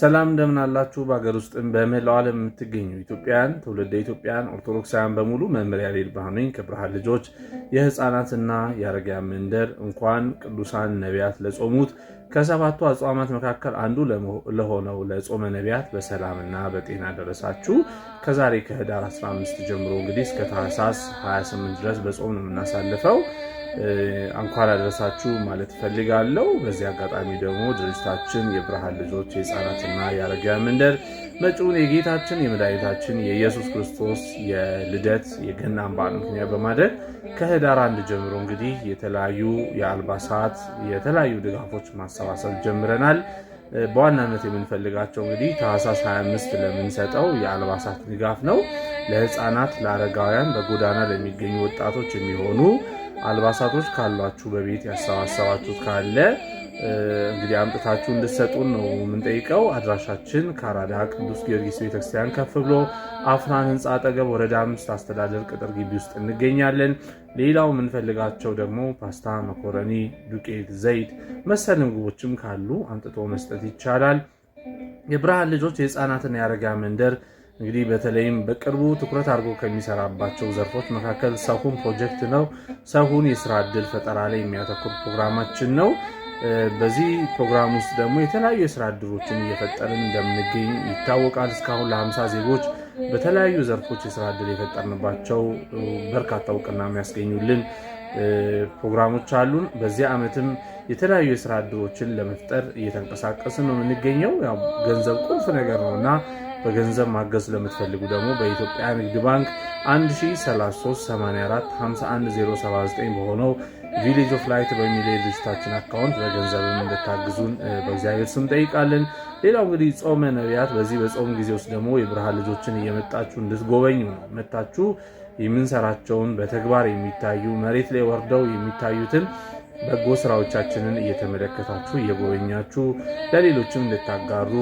ሰላም እንደምን አላችሁ? በሀገር ውስጥም በመላው ዓለም የምትገኙ ኢትዮጵያን ትውልደ ኢትዮጵያን ኦርቶዶክሳውያን በሙሉ መምሪያ ሌል ብርሃኑኝ ከብርሃን ልጆች የህፃናትና የአረጋውያን መንደር እንኳን ቅዱሳን ነቢያት ለጾሙት ከሰባቱ አጽዋማት መካከል አንዱ ለሆነው ለጾመ ነቢያት በሰላምና በጤና ደረሳችሁ። ከዛሬ ከህዳር 15 ጀምሮ እንግዲህ እስከ ታህሳስ 28 ድረስ በጾም ነው የምናሳልፈው። እንኳን አደረሳችሁ ማለት እፈልጋለሁ። በዚህ አጋጣሚ ደግሞ ድርጅታችን የብርሃን ልጆች የህፃናትና የአረጋውያን መንደር መጪውን የጌታችን የመድኃኒታችን የኢየሱስ ክርስቶስ የልደት የገናን በዓል ምክንያት በማድረግ ከህዳር አንድ ጀምሮ እንግዲህ የተለያዩ የአልባሳት የተለያዩ ድጋፎች ማሰባሰብ ጀምረናል። በዋናነት የምንፈልጋቸው እንግዲህ ታህሳስ 25 ለምንሰጠው የአልባሳት ድጋፍ ነው። ለህፃናት፣ ለአረጋውያን፣ በጎዳና ለሚገኙ ወጣቶች የሚሆኑ አልባሳቶች ካሏችሁ በቤት ያሰባሰባችሁት ካለ እንግዲህ አምጥታችሁ እንድትሰጡን ነው የምንጠይቀው። አድራሻችን ከአራዳ ቅዱስ ጊዮርጊስ ቤተክርስቲያን ከፍ ብሎ አፍራን ህንፃ አጠገብ ወረዳ አምስት አስተዳደር ቅጥር ግቢ ውስጥ እንገኛለን። ሌላው የምንፈልጋቸው ደግሞ ፓስታ፣ መኮረኒ፣ ዱቄት፣ ዘይት መሰል ምግቦችም ካሉ አምጥቶ መስጠት ይቻላል። የብርሃን ልጆች የህፃናትን ያረጋ መንደር እንግዲህ በተለይም በቅርቡ ትኩረት አድርጎ ከሚሰራባቸው ዘርፎች መካከል ሰሁን ፕሮጀክት ነው። ሰሁን የስራ እድል ፈጠራ ላይ የሚያተኩር ፕሮግራማችን ነው። በዚህ ፕሮግራም ውስጥ ደግሞ የተለያዩ የስራ እድሎችን እየፈጠርን እንደምንገኝ ይታወቃል። እስካሁን ለሀምሳ ዜጎች በተለያዩ ዘርፎች የስራ እድል የፈጠርንባቸው በርካታ እውቅና የሚያስገኙልን ፕሮግራሞች አሉን። በዚህ ዓመትም የተለያዩ የስራ እድሎችን ለመፍጠር እየተንቀሳቀስን ነው የምንገኘው። ገንዘብ ቁልፍ ነገር ነው እና በገንዘብ ማገዝ ለምትፈልጉ ደግሞ በኢትዮጵያ ንግድ ባንክ 10338451079 በሆነው ቪሌጅ ኦፍ ላይት በሚል የድርጅታችን አካውንት በገንዘብም እንድታግዙን በእግዚአብሔር ስም ጠይቃለን። ሌላው እንግዲህ ጾመ ነቢያት፣ በዚህ በጾም ጊዜ ውስጥ ደግሞ የብርሃን ልጆችን እየመጣችሁ እንድትጎበኙ ነው። መታችሁ የምንሰራቸውን በተግባር የሚታዩ መሬት ላይ ወርደው የሚታዩትን በጎ ስራዎቻችንን እየተመለከታችሁ እየጎበኛችሁ ለሌሎችም እንድታጋሩ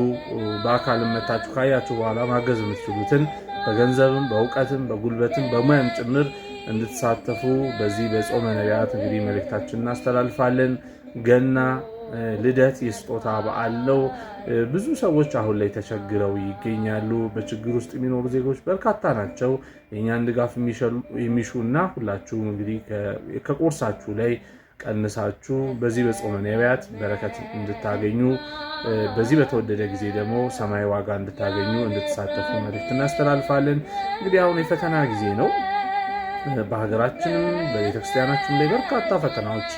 በአካልም መታችሁ ካያችሁ በኋላ ማገዝ የምትችሉትን በገንዘብም በእውቀትም በጉልበትም በሙያም ጭምር እንድትሳተፉ በዚህ በጾመ ነቢያት እንግዲህ መልእክታችን እናስተላልፋለን። ገና ልደት የስጦታ በዓል ነው። ብዙ ሰዎች አሁን ላይ ተቸግረው ይገኛሉ። በችግር ውስጥ የሚኖሩ ዜጎች በርካታ ናቸው። የእኛን ድጋፍ የሚሹ እና ሁላችሁም እንግዲህ ከቁርሳችሁ ላይ ቀንሳችሁ በዚህ በጾመ ነቢያት በረከት እንድታገኙ በዚህ በተወደደ ጊዜ ደግሞ ሰማይ ዋጋ እንድታገኙ እንድትሳተፉ መልእክት እናስተላልፋለን። እንግዲህ አሁን የፈተና ጊዜ ነው። በሀገራችንም በቤተክርስቲያናችን ላይ በርካታ ፈተናዎች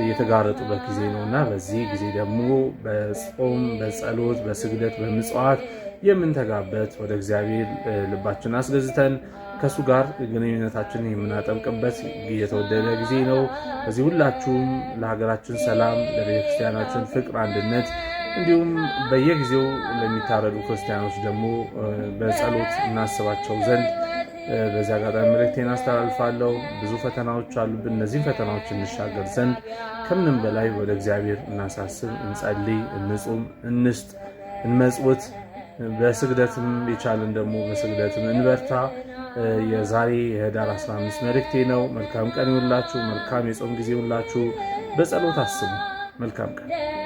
እየተጋረጡበት ጊዜ ነው እና በዚህ ጊዜ ደግሞ በጾም፣ በጸሎት፣ በስግደት፣ በምጽዋት የምንተጋበት ወደ እግዚአብሔር ልባችን አስገዝተን ከእሱ ጋር ግንኙነታችን የምናጠምቅበት የተወደደ ጊዜ ነው። በዚህ ሁላችሁም ለሀገራችን ሰላም፣ ለቤተክርስቲያናችን ፍቅር፣ አንድነት እንዲሁም በየጊዜው ለሚታረዱ ክርስቲያኖች ደግሞ በጸሎት እናስባቸው ዘንድ በዚህ አጋጣሚ መልእክቴን አስተላልፋለሁ። ብዙ ፈተናዎች አሉብን። እነዚህም ፈተናዎች እንሻገር ዘንድ ከምንም በላይ ወደ እግዚአብሔር እናሳስብ፣ እንጸልይ፣ እንጹም፣ እንስጥ፣ እንመጽውት በስግደትም የቻልን ደግሞ በስግደትም እንበርታ። የዛሬ የህዳር 15 መልእክቴ ነው። መልካም ቀን ይሁንላችሁ። መልካም የጾም ጊዜ ይሁንላችሁ። በጸሎት አስቡ። መልካም ቀን